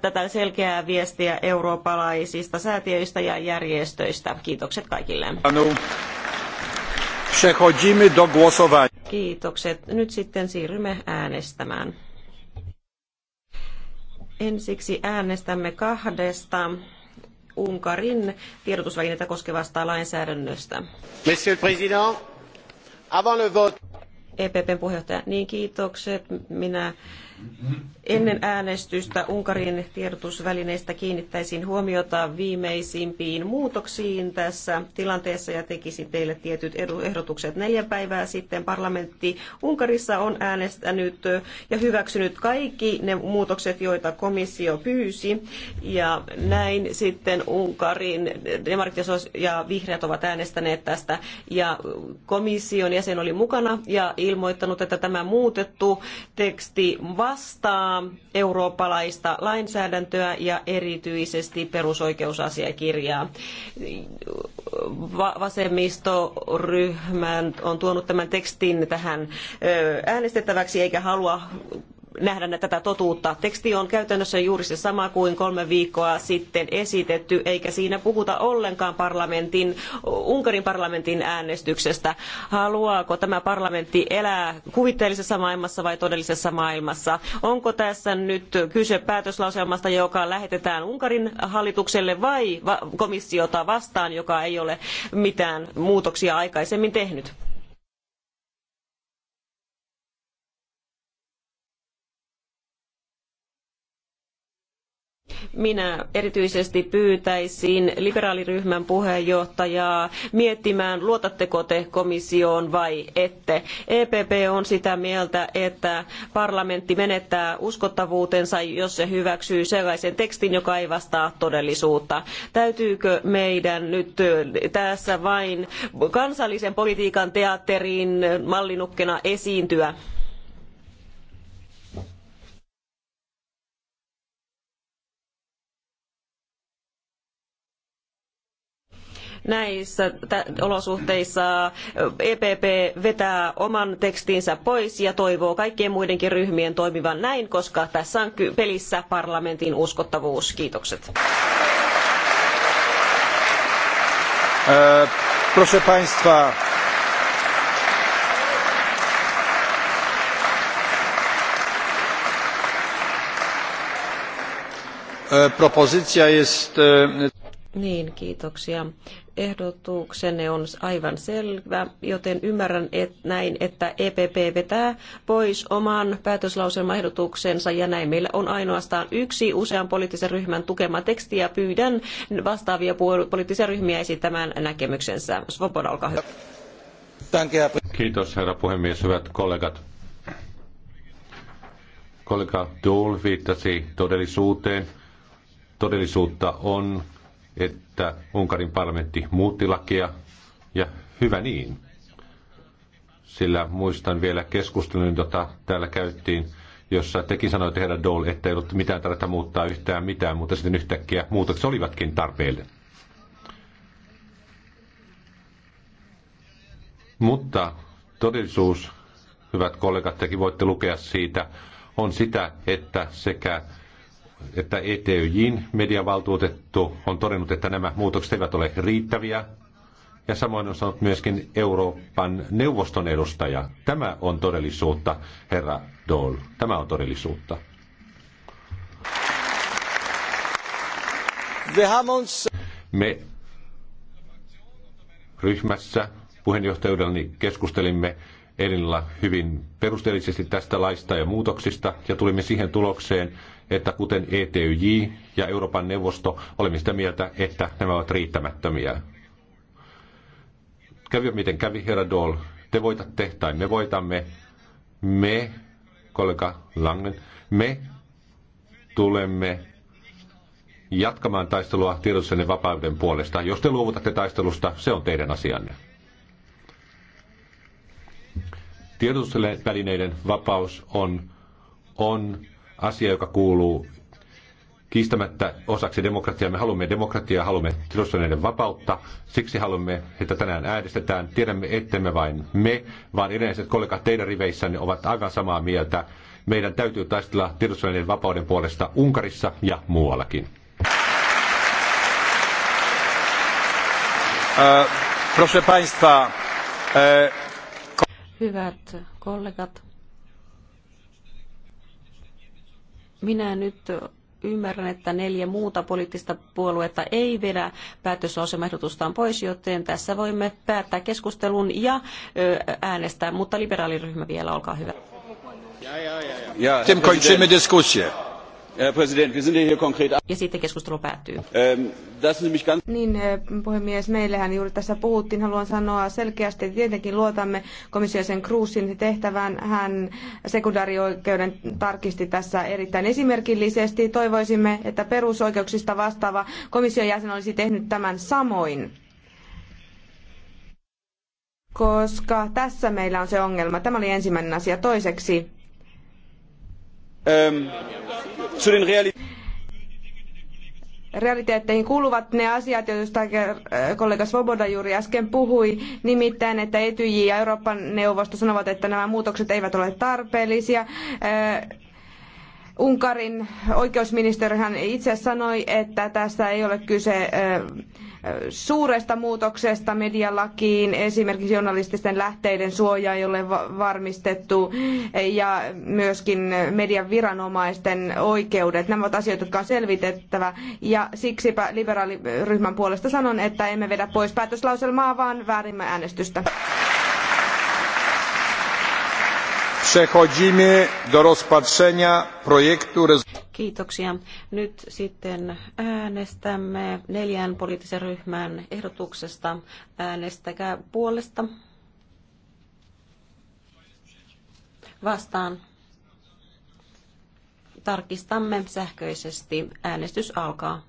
tätä selkeää viestiä eurooppalaisista säätiöistä ja järjestöistä. Kiitokset kaikille. Przechodzimy do głosowania. Kiitokset. Nyt sitten siirrymme äänestämään. Ensiksi äänestämme kahdesta Unkarin tiedotusvälineitä koskevasta lainsäädännöstä. Monsieur le Président, avant le vote. EPPn puheenjohtaja, niin kiitokset. Minä Ennen äänestystä Unkarin tiedotusvälineistä kiinnittäisin huomiota viimeisimpiin muutoksiin tässä tilanteessa ja tekisin teille tietyt ehdotukset. Neljä päivää sitten parlamentti Unkarissa on äänestänyt ja hyväksynyt kaikki ne muutokset, joita komissio pyysi. Ja näin sitten Unkarin demarit ja vihreät ovat äänestäneet tästä ja komission jäsen oli mukana ja ilmoittanut, että tämä muutettu teksti va- vastaa eurooppalaista lainsäädäntöä ja erityisesti perusoikeusasiakirjaa. Va- vasemmistoryhmä on tuonut tämän tekstin tähän äänestettäväksi eikä halua nähdä tätä totuutta. Teksti on käytännössä juuri se sama kuin kolme viikkoa sitten esitetty, eikä siinä puhuta ollenkaan parlamentin, Unkarin parlamentin äänestyksestä. Haluaako tämä parlamentti elää kuvitteellisessa maailmassa vai todellisessa maailmassa? Onko tässä nyt kyse päätöslauselmasta, joka lähetetään Unkarin hallitukselle vai komissiota vastaan, joka ei ole mitään muutoksia aikaisemmin tehnyt? Minä erityisesti pyytäisin liberaaliryhmän puheenjohtajaa miettimään, luotatteko te komissioon vai ette. EPP on sitä mieltä, että parlamentti menettää uskottavuutensa, jos se hyväksyy sellaisen tekstin, joka ei vastaa todellisuutta. Täytyykö meidän nyt tässä vain kansallisen politiikan teatterin mallinukkena esiintyä? Näissä olosuhteissa EPP vetää oman tekstinsä pois ja toivoo kaikkien muidenkin ryhmien toimivan näin, koska tässä on pelissä parlamentin uskottavuus. Kiitokset. proszę Państwa, e, propozycja jest e, niin, kiitoksia. Ehdotuksenne on aivan selvä, joten ymmärrän et näin, että EPP vetää pois oman päätöslauselmaehdotuksensa ja näin meillä on ainoastaan yksi usean poliittisen ryhmän tukema teksti ja pyydän vastaavia poliittisia ryhmiä esittämään näkemyksensä. Svoboda, olkaa hyvä. Kiitos herra puhemies, hyvät kollegat. Kollega Dole viittasi todellisuuteen. Todellisuutta on että Unkarin parlamentti muutti lakia ja hyvä niin. Sillä muistan vielä keskustelun, jota täällä käytiin, jossa tekin sanoi herra Dole, että ei ollut mitään tarvetta muuttaa yhtään mitään, mutta sitten yhtäkkiä muutokset olivatkin tarpeelle. Mutta todellisuus, hyvät kollegat, tekin voitte lukea siitä, on sitä, että sekä että ETYJin mediavaltuutettu on todennut, että nämä muutokset eivät ole riittäviä. Ja samoin on sanonut myöskin Euroopan neuvoston edustaja. Tämä on todellisuutta, herra Dole. Tämä on todellisuutta. Me ryhmässä puheenjohtajuudellani keskustelimme Elilla hyvin perusteellisesti tästä laista ja muutoksista ja tulimme siihen tulokseen, että kuten ETYJ ja Euroopan neuvosto olemme sitä mieltä, että nämä ovat riittämättömiä. Kävi miten kävi, herra Dole. Te voitatte tai me voitamme. Me, kollega Langen, me tulemme jatkamaan taistelua tiedotuksenne vapauden puolesta. Jos te luovutatte taistelusta, se on teidän asianne. Tiedotusvälineiden vapaus on, on asia, joka kuuluu kiistämättä osaksi demokratiaa. Me haluamme demokratiaa, haluamme tilaisuuden vapautta. Siksi haluamme, että tänään äänestetään. Tiedämme, ettemme vain me, vaan edelliset kollegat teidän riveissänne ovat aivan samaa mieltä. Meidän täytyy taistella tiedustelun vapauden puolesta Unkarissa ja muuallakin. E, Hyvät kollegat, Minä nyt ymmärrän, että neljä muuta poliittista puoluetta ei vedä päätöslauselmaehdotustaan pois, joten tässä voimme päättää keskustelun ja äänestää, mutta liberaaliryhmä vielä, olkaa hyvä. Ja, ja, ja, ja. ja Tym kończymy dyskusję. Herr Präsident, wir sind hier konkret... Ja sitten keskustelu päättyy. Ähm, Niin, äh, puhemies, meillähän juuri tässä puhuttiin. Haluan sanoa selkeästi, että tietenkin luotamme komissiosen Kruusin tehtävään. Hän sekundaarioikeuden tarkisti tässä erittäin esimerkillisesti. Toivoisimme, että perusoikeuksista vastaava komission jäsen olisi tehnyt tämän samoin koska tässä meillä on se ongelma. Tämä oli ensimmäinen asia. Toiseksi Ähm, zu den Realitäten realiteetteihin kuuluvat ne asiat, joista äh, kollega Svoboda juuri äsken puhui, nimittäin, että Etyj ja Euroopan neuvosto sanovat, että nämä muutokset eivät ole tarpeellisia. Äh, Unkarin oikeusministerihän itse sanoi, että tässä ei ole kyse äh, suuresta muutoksesta medialakiin, esimerkiksi journalististen lähteiden suojaa, jolle varmistettu, ja myöskin median viranomaisten oikeudet. Nämä ovat asioita, jotka on selvitettävä, ja siksipä liberaaliryhmän puolesta sanon, että emme vedä pois päätöslauselmaa, vaan väärimme äänestystä. Przechodzimy do rozpatrzenia projektu Kiitoksia. Nyt sitten äänestämme neljän poliittisen ryhmän ehdotuksesta. Äänestäkää puolesta. Vastaan. Tarkistamme sähköisesti. Äänestys alkaa.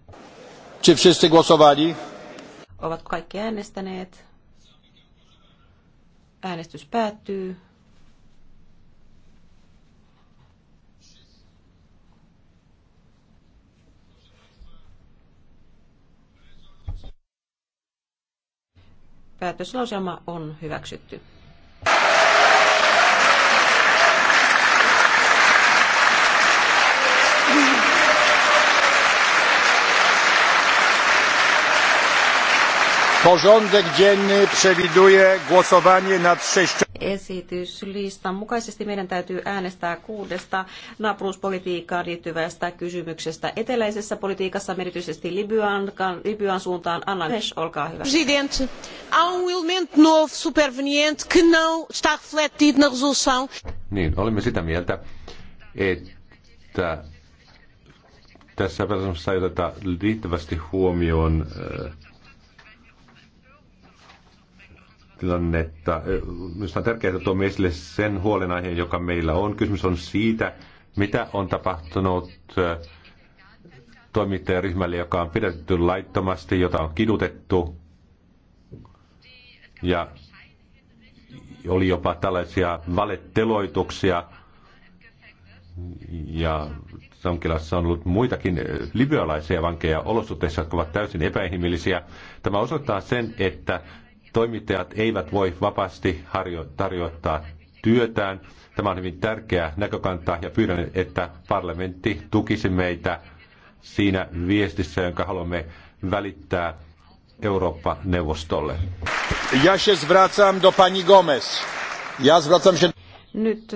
Czy wszyscy głosowali? Ovat kaikki äänestäneet. Äänestys päättyy. Päätöslauselma on hyväksytty. Porządek dzienny przewiduje głosowanie nad sześcią esityslistan mukaisesti meidän täytyy äänestää kuudesta naapuruuspolitiikkaan liittyvästä kysymyksestä. Eteläisessä politiikassa erityisesti Libyan, Libyan suuntaan. Anna Hesh, olkaa hyvä. Presidente, há um elemento novo superveniente que não está refletido na resolução. Niin, olemme sitä mieltä, että tässä ei oteta riittävästi huomioon äh, tilannetta. Minusta on tärkeää, että tuomme esille sen huolenaiheen, joka meillä on. Kysymys on siitä, mitä on tapahtunut toimittajaryhmälle, joka on pidetty laittomasti, jota on kidutettu. Ja oli jopa tällaisia valetteloituksia. Ja Sankilassa on ollut muitakin libyalaisia vankeja olosuhteissa, jotka ovat täysin epäinhimillisiä. Tämä osoittaa sen, että Toimittajat eivät voi vapaasti tarjota työtään. Tämä on hyvin tärkeä näkökanta ja pyydän, että parlamentti tukisi meitä siinä viestissä, jonka haluamme välittää Eurooppa-neuvostolle. Ja się zwracam do pani Gomez. Ja zwracam się... Nyt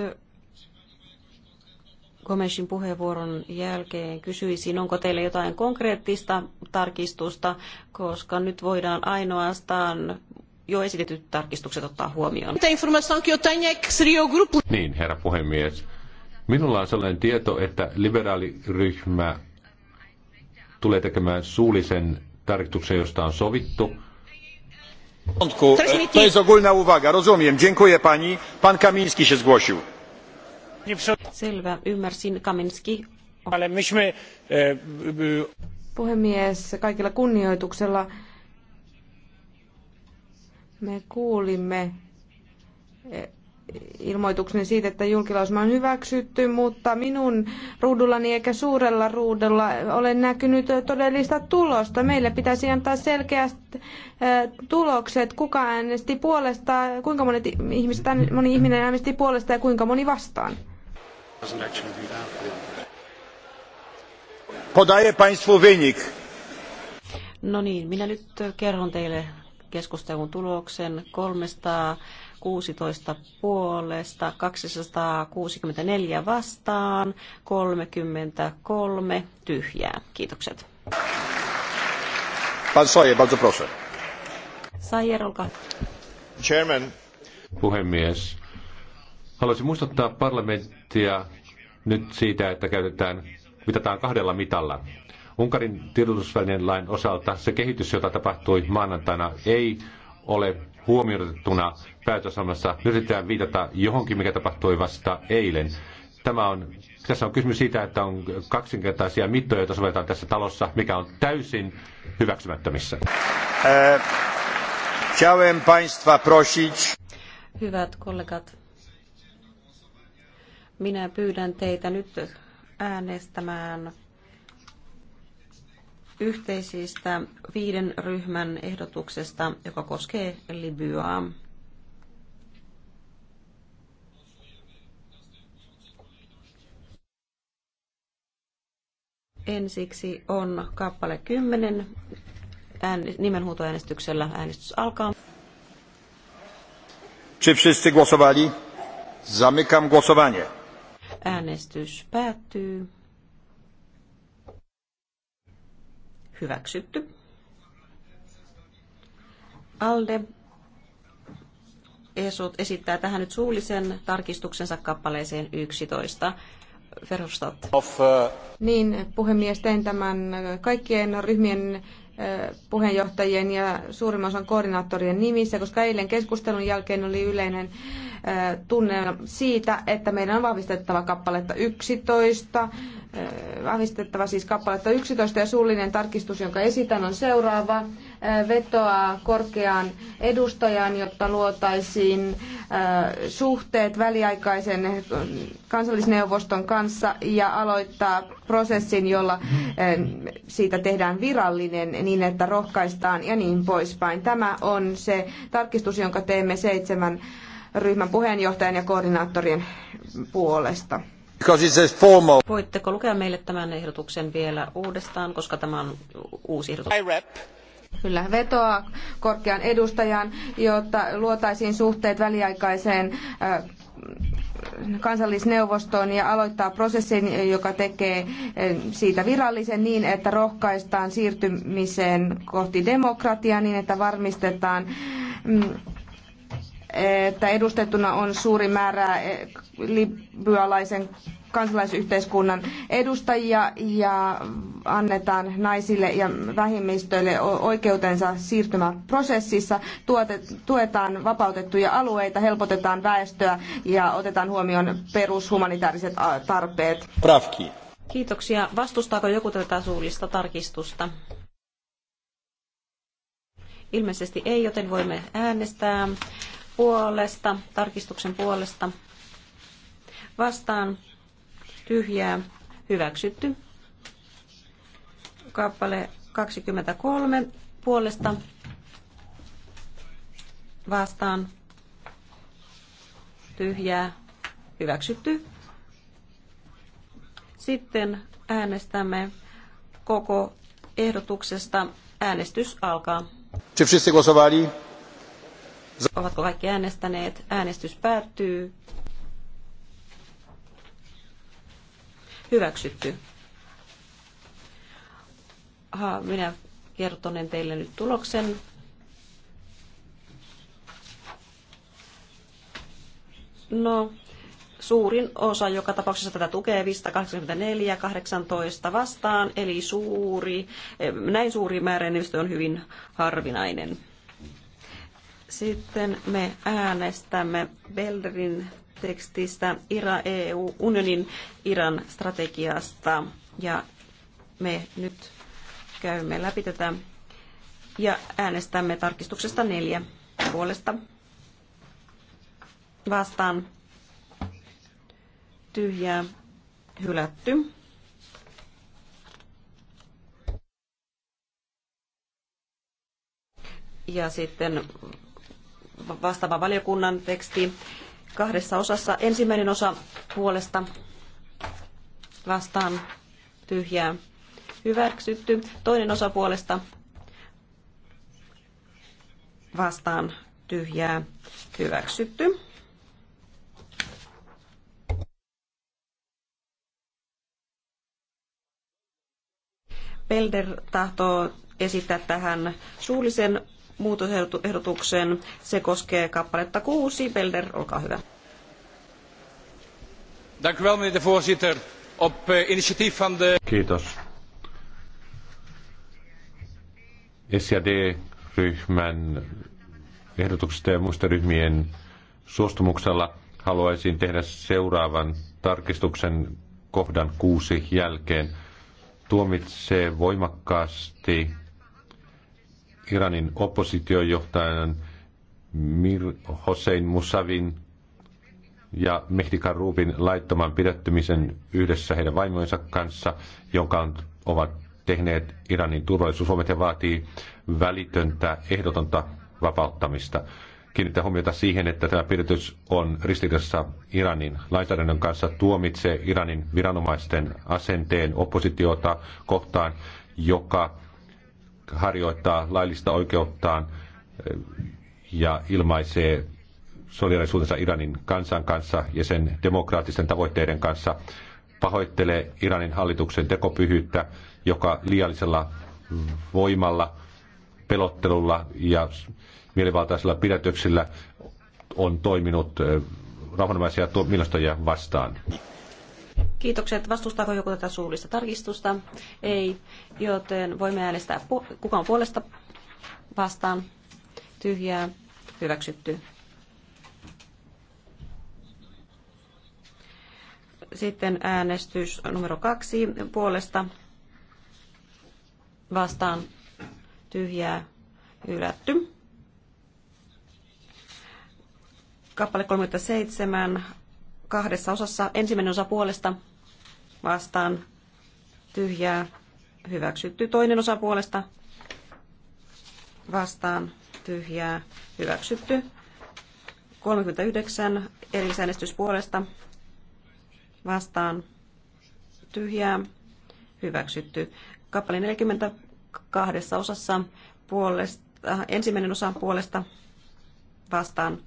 Gomesin puheenvuoron jälkeen kysyisin, onko teillä jotain konkreettista tarkistusta, koska nyt voidaan ainoastaan jo esitetyt tarkistukset ottaa huomioon. Niin, herra puhemies. Minulla on sellainen tieto, että liberaaliryhmä tulee tekemään suullisen tarkistuksen, josta on sovittu. To jest ogólna uwaga, rozumiem. Dziękuję pani. Pan Kamiński się zgłosił. Selvä, ymmärsin. Kaminski. E, puhemies, kaikilla kunnioituksella me kuulimme eh, ilmoituksen siitä, että julkilausuma on hyväksytty, mutta minun ruudullani eikä suurella ruudulla ole näkynyt todellista tulosta. Meille pitäisi antaa selkeät eh, tulokset, kuka äänesti puolesta, kuinka monet ihmiset, moni ihminen äänesti puolesta ja kuinka moni vastaan. Podaje Państwu wynik. No niin, minä nyt kerron teille keskustelun tuloksen 316 puolesta, 264 vastaan, 33 tyhjää. Kiitokset. Pan Sajer, bardzo proszę. Sajer, Chairman. Puhemies. Haluaisin muistuttaa parlamenttia nyt siitä, että käytetään, mitataan kahdella mitalla. Unkarin tiedotusvälineen lain osalta se kehitys, jota tapahtui maanantaina, ei ole huomioitettuna päätösomassa. Yritetään viitata johonkin, mikä tapahtui vasta eilen. Tämä on, tässä on kysymys siitä, että on kaksinkertaisia mittoja, joita sovelletaan tässä talossa, mikä on täysin hyväksymättömissä. Äh, prosić. Hyvät kollegat, minä pyydän teitä nyt äänestämään yhteisistä viiden ryhmän ehdotuksesta, joka koskee Libyaa. Ensiksi on kappale 10. Ään, nimenhuutoäänestyksellä äänestys alkaa. Czy wszyscy głosowali? Zamykam głosowanie. Äänestys päättyy. Hyväksytty. Alde esittää tähän nyt suullisen tarkistuksensa kappaleeseen 11. uh... Niin, puhemies, tein tämän kaikkien ryhmien puheenjohtajien ja suurimman osan koordinaattorien nimissä, koska eilen keskustelun jälkeen oli yleinen tunne siitä, että meidän on vahvistettava kappaletta 11, vahvistettava siis kappaletta 11 ja suullinen tarkistus, jonka esitän, on seuraava. Eh, vetoaa korkeaan edustajaan, jotta luotaisiin eh, suhteet väliaikaisen kansallisneuvoston kanssa ja aloittaa prosessin, jolla eh, siitä tehdään virallinen niin, että rohkaistaan ja niin poispäin. Tämä on se tarkistus, jonka teemme seitsemän ryhmän puheenjohtajan ja koordinaattorien puolesta. Voitteko lukea meille tämän ehdotuksen vielä uudestaan, koska tämä on uusi ehdotus? kyllä vetoaa korkean edustajan, jotta luotaisiin suhteet väliaikaiseen äh, kansallisneuvostoon ja aloittaa prosessin, joka tekee äh, siitä virallisen niin, että rohkaistaan siirtymiseen kohti demokratiaa niin, että varmistetaan mm, että edustettuna on suuri määrä äh, libyalaisen kansalaisyhteiskunnan edustajia ja annetaan naisille ja vähemmistöille oikeutensa siirtymäprosessissa, tuetaan vapautettuja alueita, helpotetaan väestöä ja otetaan huomioon perushumanitaariset tarpeet. Pravki. Kiitoksia. Vastustaako joku tätä suullista tarkistusta? Ilmeisesti ei, joten voimme äänestää puolesta, tarkistuksen puolesta. Vastaan tyhjää hyväksytty. Kappale 23 puolesta vastaan tyhjää hyväksytty. Sitten äänestämme koko ehdotuksesta. Äänestys alkaa. Ovatko kaikki äänestäneet? Äänestys päättyy. hyväksytty. Aha, minä kertonen teille nyt tuloksen. No, suurin osa joka tapauksessa tätä tukee 584 18 vastaan, eli suuri, eh, näin suuri määrä enemmistö on hyvin harvinainen. Sitten me äänestämme Belderin tekstistä Ira EU, unionin Iran strategiasta. Ja me nyt käymme läpi tätä ja äänestämme tarkistuksesta neljä puolesta vastaan tyhjää hylätty. Ja sitten vastaava valiokunnan teksti kahdessa osassa. Ensimmäinen osa puolesta vastaan tyhjää hyväksytty. Toinen osa puolesta vastaan tyhjää hyväksytty. Pelder tahtoo esittää tähän suullisen muutosehdotuksen. Se koskee kappaletta kuusi. Belder, olkaa hyvä. Eh, Kiitos. sd ryhmän ehdotuksesta ja muista ryhmien suostumuksella haluaisin tehdä seuraavan tarkistuksen kohdan kuusi jälkeen. Tuomitsee voimakkaasti Iranin oppositiojohtajan Mir Hossein Musavin ja Mehdi Karubin laittoman pidättymisen yhdessä heidän vaimoinsa kanssa, jonka ovat tehneet Iranin turvallisuusvoimat ja vaatii välitöntä ehdotonta vapauttamista. Kiinnittää huomiota siihen, että tämä pidätys on ristiriidassa Iranin lainsäädännön kanssa, tuomitsee Iranin viranomaisten asenteen oppositiota kohtaan, joka harjoittaa laillista oikeuttaan eh, ja ilmaisee solidarisuutensa Iranin kansan kanssa ja sen demokraattisten tavoitteiden kanssa, pahoittelee Iranin hallituksen tekopyhyyttä, joka liiallisella voimalla, pelottelulla ja mielivaltaisilla pidätyksillä on toiminut eh, rauhanomaisia mielenostoja vastaan. Kiitokset. Vastustaako joku tätä suullista tarkistusta? Ei, joten voimme äänestää kuka on puolesta vastaan. Tyhjää. Hyväksytty. Sitten äänestys numero kaksi puolesta vastaan tyhjää hylätty. Kappale 37 kahdessa osassa. Ensimmäinen osa puolesta vastaan tyhjää hyväksytty. Toinen osa puolesta vastaan tyhjää hyväksytty. 39 erillisäänestys puolesta vastaan tyhjää hyväksytty. Kappale 40 kahdessa osassa puolesta, ensimmäinen osa puolesta vastaan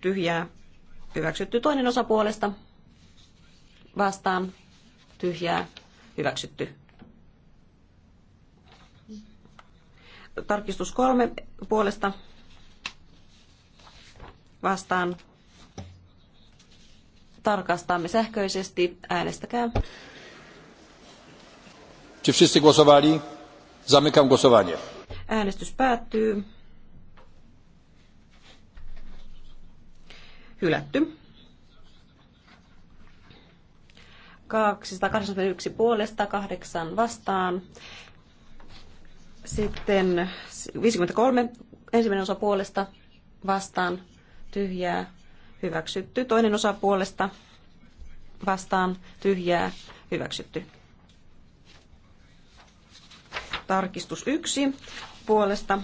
tyhjää hyväksytty. Toinen osa puolesta vastaan tyhjää hyväksytty. Tarkistus kolme puolesta vastaan tarkastamme sähköisesti. Äänestäkää. Czy wszyscy głosowali? Zamykam głosowanie. Äänestys päättyy. hylätty. 281 puolesta, 8 vastaan. Sitten 53 ensimmäinen osa puolesta vastaan tyhjää hyväksytty. Toinen osa puolesta vastaan tyhjää hyväksytty. Tarkistus 1 puolesta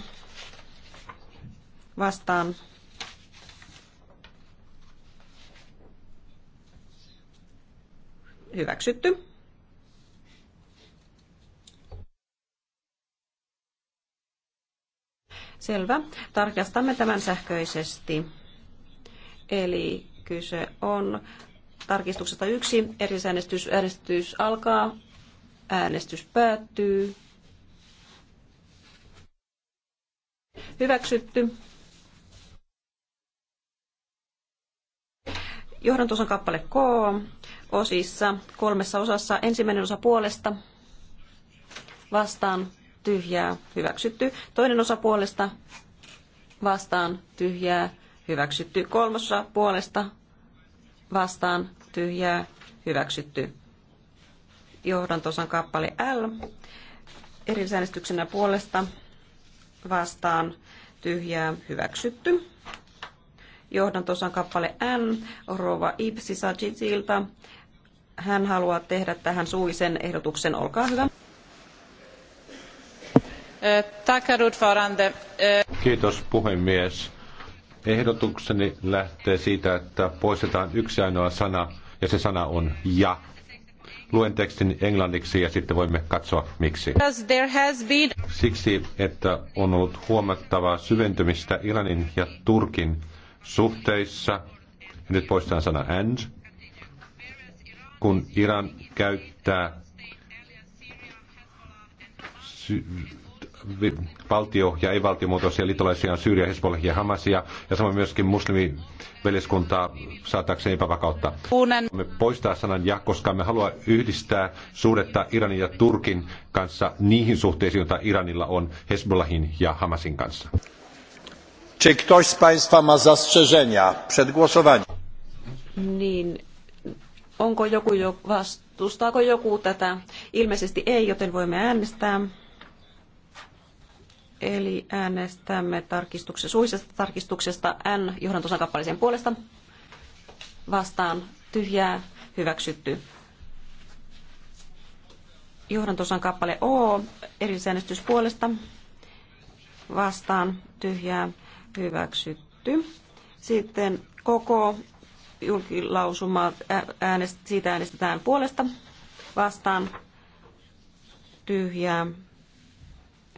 vastaan Hyväksytty. Selvä. Tarkastamme tämän sähköisesti. Eli kyse on tarkistuksesta yksi. Erillisäänestys äänestys alkaa. Äänestys päättyy. Hyväksytty. Johdantosan kappale K osissa, kolmessa osassa. Ensimmäinen osa puolesta vastaan tyhjää hyväksytty. Toinen osa puolesta vastaan tyhjää hyväksytty. Kolmas osa puolesta vastaan tyhjää hyväksytty. Johdantosan kappale L. Erillisäänestyksenä puolesta vastaan tyhjää hyväksytty johdantosan kappale N, Rova Ipsi Sajitsilta. Hän haluaa tehdä tähän suullisen ehdotuksen. Olkaa hyvä. Kiitos puhemies. Ehdotukseni lähtee siitä, että poistetaan yksi ainoa sana, ja se sana on ja. Luen tekstin englanniksi ja sitten voimme katsoa miksi. Siksi, että on ollut huomattavaa syventymistä Iranin ja Turkin suhteissa, ja nyt poistetaan sana and, kun Iran käyttää valtio- ja ei-valtiomuotoisia liittolaisiaan Syyriä, Hezbollah ja Hamasia ja samoin myöskin muslimiveljeskuntaa saatakseen epävakautta. Uunen. Me poistaa sanan ja, koska me haluaa yhdistää suhdetta Iranin ja Turkin kanssa niihin suhteisiin, joita Iranilla on Hezbollahin ja Hamasin kanssa. Czy ktoś z Państwa ma zastrzeżenia przed głosowaniem? Niin, onko joku jo vastustaako joku tätä? Ilmeisesti ei, joten voimme äänestää. Eli äänestämme tarkistuksesta, suisesta tarkistuksesta N johdantosan kappaleen puolesta. Vastaan tyhjää, hyväksytty. Johdantosan kappale O, erillisäänestys puolesta. Vastaan tyhjää, hyväksytty. Sitten koko julkilausuma, äänest, siitä äänestetään puolesta vastaan tyhjää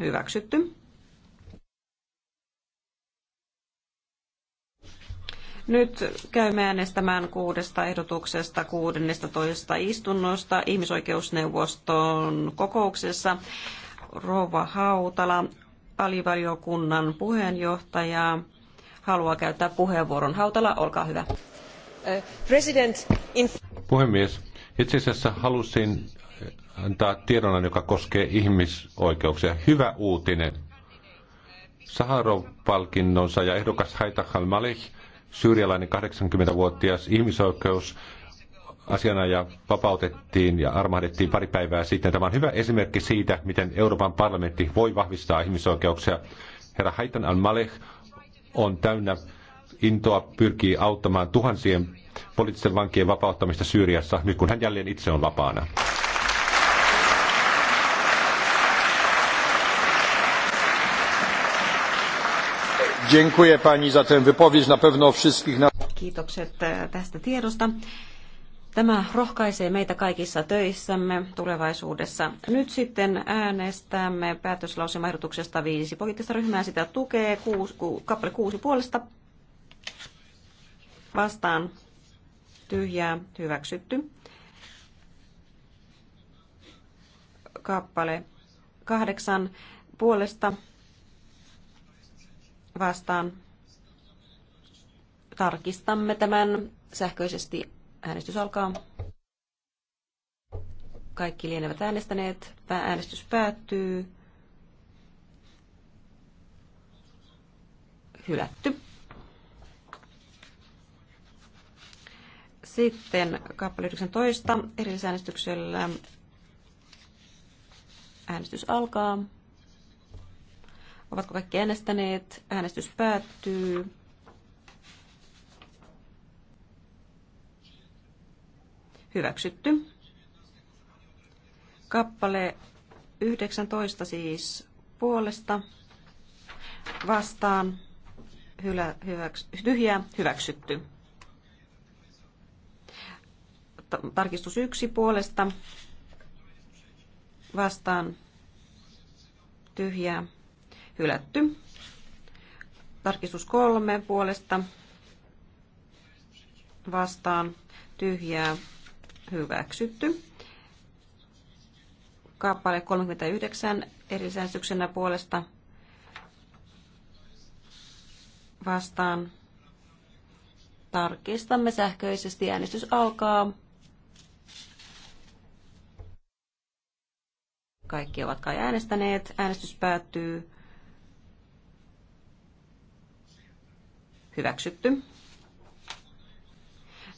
hyväksytty. Nyt käymme äänestämään kuudesta ehdotuksesta 16 istunnosta ihmisoikeusneuvoston kokouksessa. Rova Hautala alivaliokunnan puheenjohtaja haluaa käyttää puheenvuoron. Hautala, olkaa hyvä. Puhemies, itse asiassa halusin antaa tiedon, joka koskee ihmisoikeuksia. Hyvä uutinen. Saharov-palkinnonsa ja ehdokas Haitah al-Malek, syyrialainen 80-vuotias ihmisoikeus asianaja vapautettiin ja armahdettiin pari päivää sitten. Tämä on hyvä esimerkki siitä, miten Euroopan parlamentti voi vahvistaa ihmisoikeuksia. Herra Haitan al-Malek on täynnä intoa pyrkii auttamaan tuhansien poliittisten vankien vapauttamista Syyriassa, nyt kun hän jälleen itse on vapaana. Dziękuję pani za tę wypowiedź. Na pewno wszystkich... Kiitokset e, tästä tiedosta. Tämä rohkaisee meitä kaikissa töissämme tulevaisuudessa. Nyt sitten äänestämme päätöslausimahdotuksesta viisi. Poliittista ryhmää sitä tukee kuusi, ku, kappale kuusi puolesta. Vastaan tyhjää hyväksytty. Kappale kahdeksan puolesta vastaan. Tarkistamme tämän sähköisesti Äänestys alkaa. Kaikki lienevät äänestäneet. Äänestys päättyy. Hylätty. Sitten kappale 19 erillisäänestyksellä. Äänestys alkaa. Ovatko kaikki äänestäneet? Äänestys päättyy. Hyväksytty. Kappale 19 siis puolesta vastaan hylä, hyväks, tyhjää hyväksytty. Tarkistus yksi puolesta vastaan tyhjää hylätty. Tarkistus kolme puolesta vastaan tyhjää hyväksytty. Kappale 39 erisäästyksenä puolesta vastaan. Tarkistamme sähköisesti. Äänestys alkaa. Kaikki ovat kai äänestäneet. Äänestys päättyy. Hyväksytty.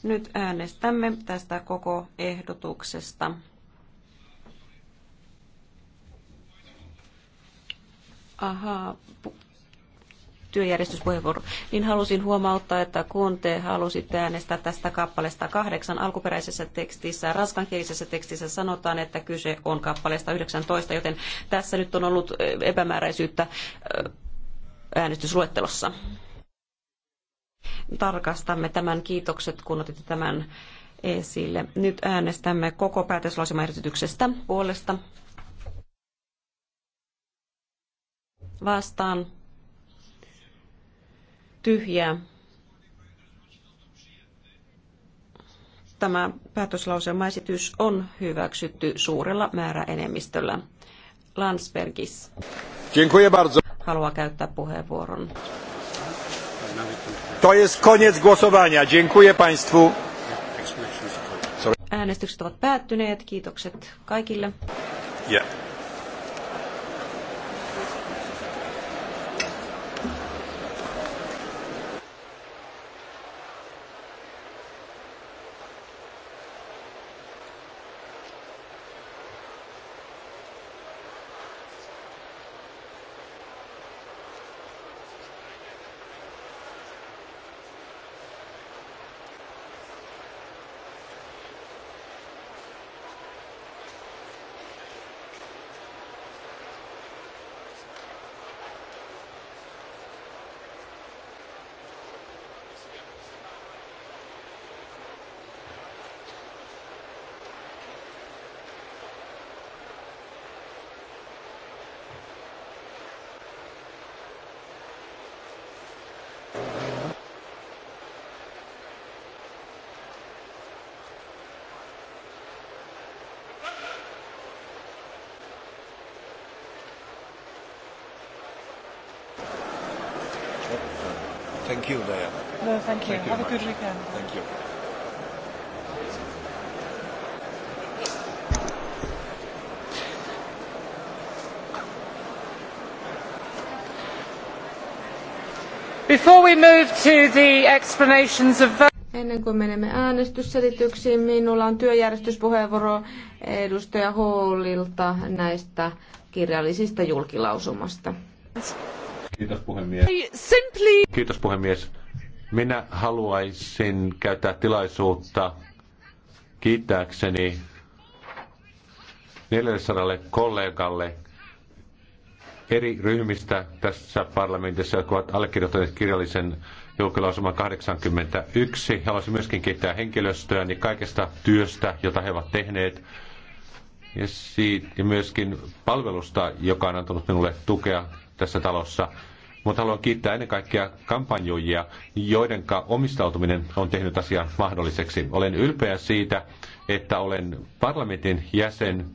Nyt äänestämme tästä koko ehdotuksesta. Ahaa, työjärjestyspuheenvuoro, niin halusin huomauttaa, että kun te halusitte äänestää tästä kappaleesta kahdeksan alkuperäisessä tekstissä, raskankielisessä tekstissä sanotaan, että kyse on kappaleesta 19, joten tässä nyt on ollut eh, epämääräisyyttä eh, äänestysluettelossa tarkastamme tämän. Kiitokset, kun otitte tämän esille. Nyt äänestämme koko päätöslausumaehdotuksesta puolesta. Vastaan. Tyhjää. Tämä päätöslauselmaesitys on hyväksytty suurella määräenemmistöllä. Landsbergis. Haluaa käyttää puheenvuoron. To jest koniec głosowania. Dziękuję Państwu. Äänestykset ovat päättyneet. Kiitokset kaikille. Yeah. Thank you, Diana. No, thank you. Thank you Have a good weekend. Thank you. Before we move to the explanations of Ennen kuin menemme äänestysselityksiin, minulla on työjärjestyspuheenvuoro edustaja Hallilta näistä kirjallisista julkilausumasta. Kiitos puhemies. Simply... Kiitos puhemies. Minä haluaisin käyttää tilaisuutta kiittääkseni 400 kollegalle eri ryhmistä tässä parlamentissa, jotka ovat allekirjoittaneet kirjallisen julkilausuman 81. Haluaisin myöskin kiittää henkilöstöä niin kaikesta työstä, jota he ovat tehneet ja, siitä, ja myöskin palvelusta, joka on antanut minulle tukea tässä talossa. Mutta haluan kiittää ennen kaikkea kampanjoijia, joiden omistautuminen on tehnyt asian mahdolliseksi. Olen ylpeä siitä, että olen parlamentin jäsen,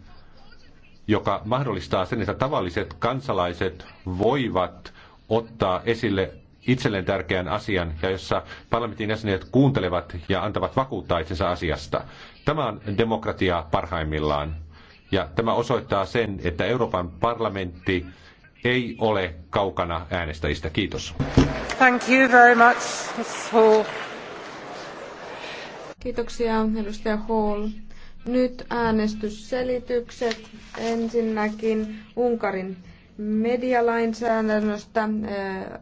joka mahdollistaa sen, että tavalliset kansalaiset voivat ottaa esille itselleen tärkeän asian ja jossa parlamentin jäsenet kuuntelevat ja antavat vakuuttaa itsensä asiasta. Tämä on demokratiaa parhaimmillaan. Ja tämä osoittaa sen, että Euroopan parlamentti ei ole kaukana äänestäjistä. Kiitos. Thank you very much, Hall. Kiitoksia, edustaja Hall. Nyt äänestysselitykset. Ensinnäkin Unkarin medialainsäädännöstä.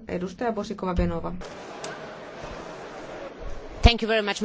Edustaja Bosikova-Benova. Thank you very much.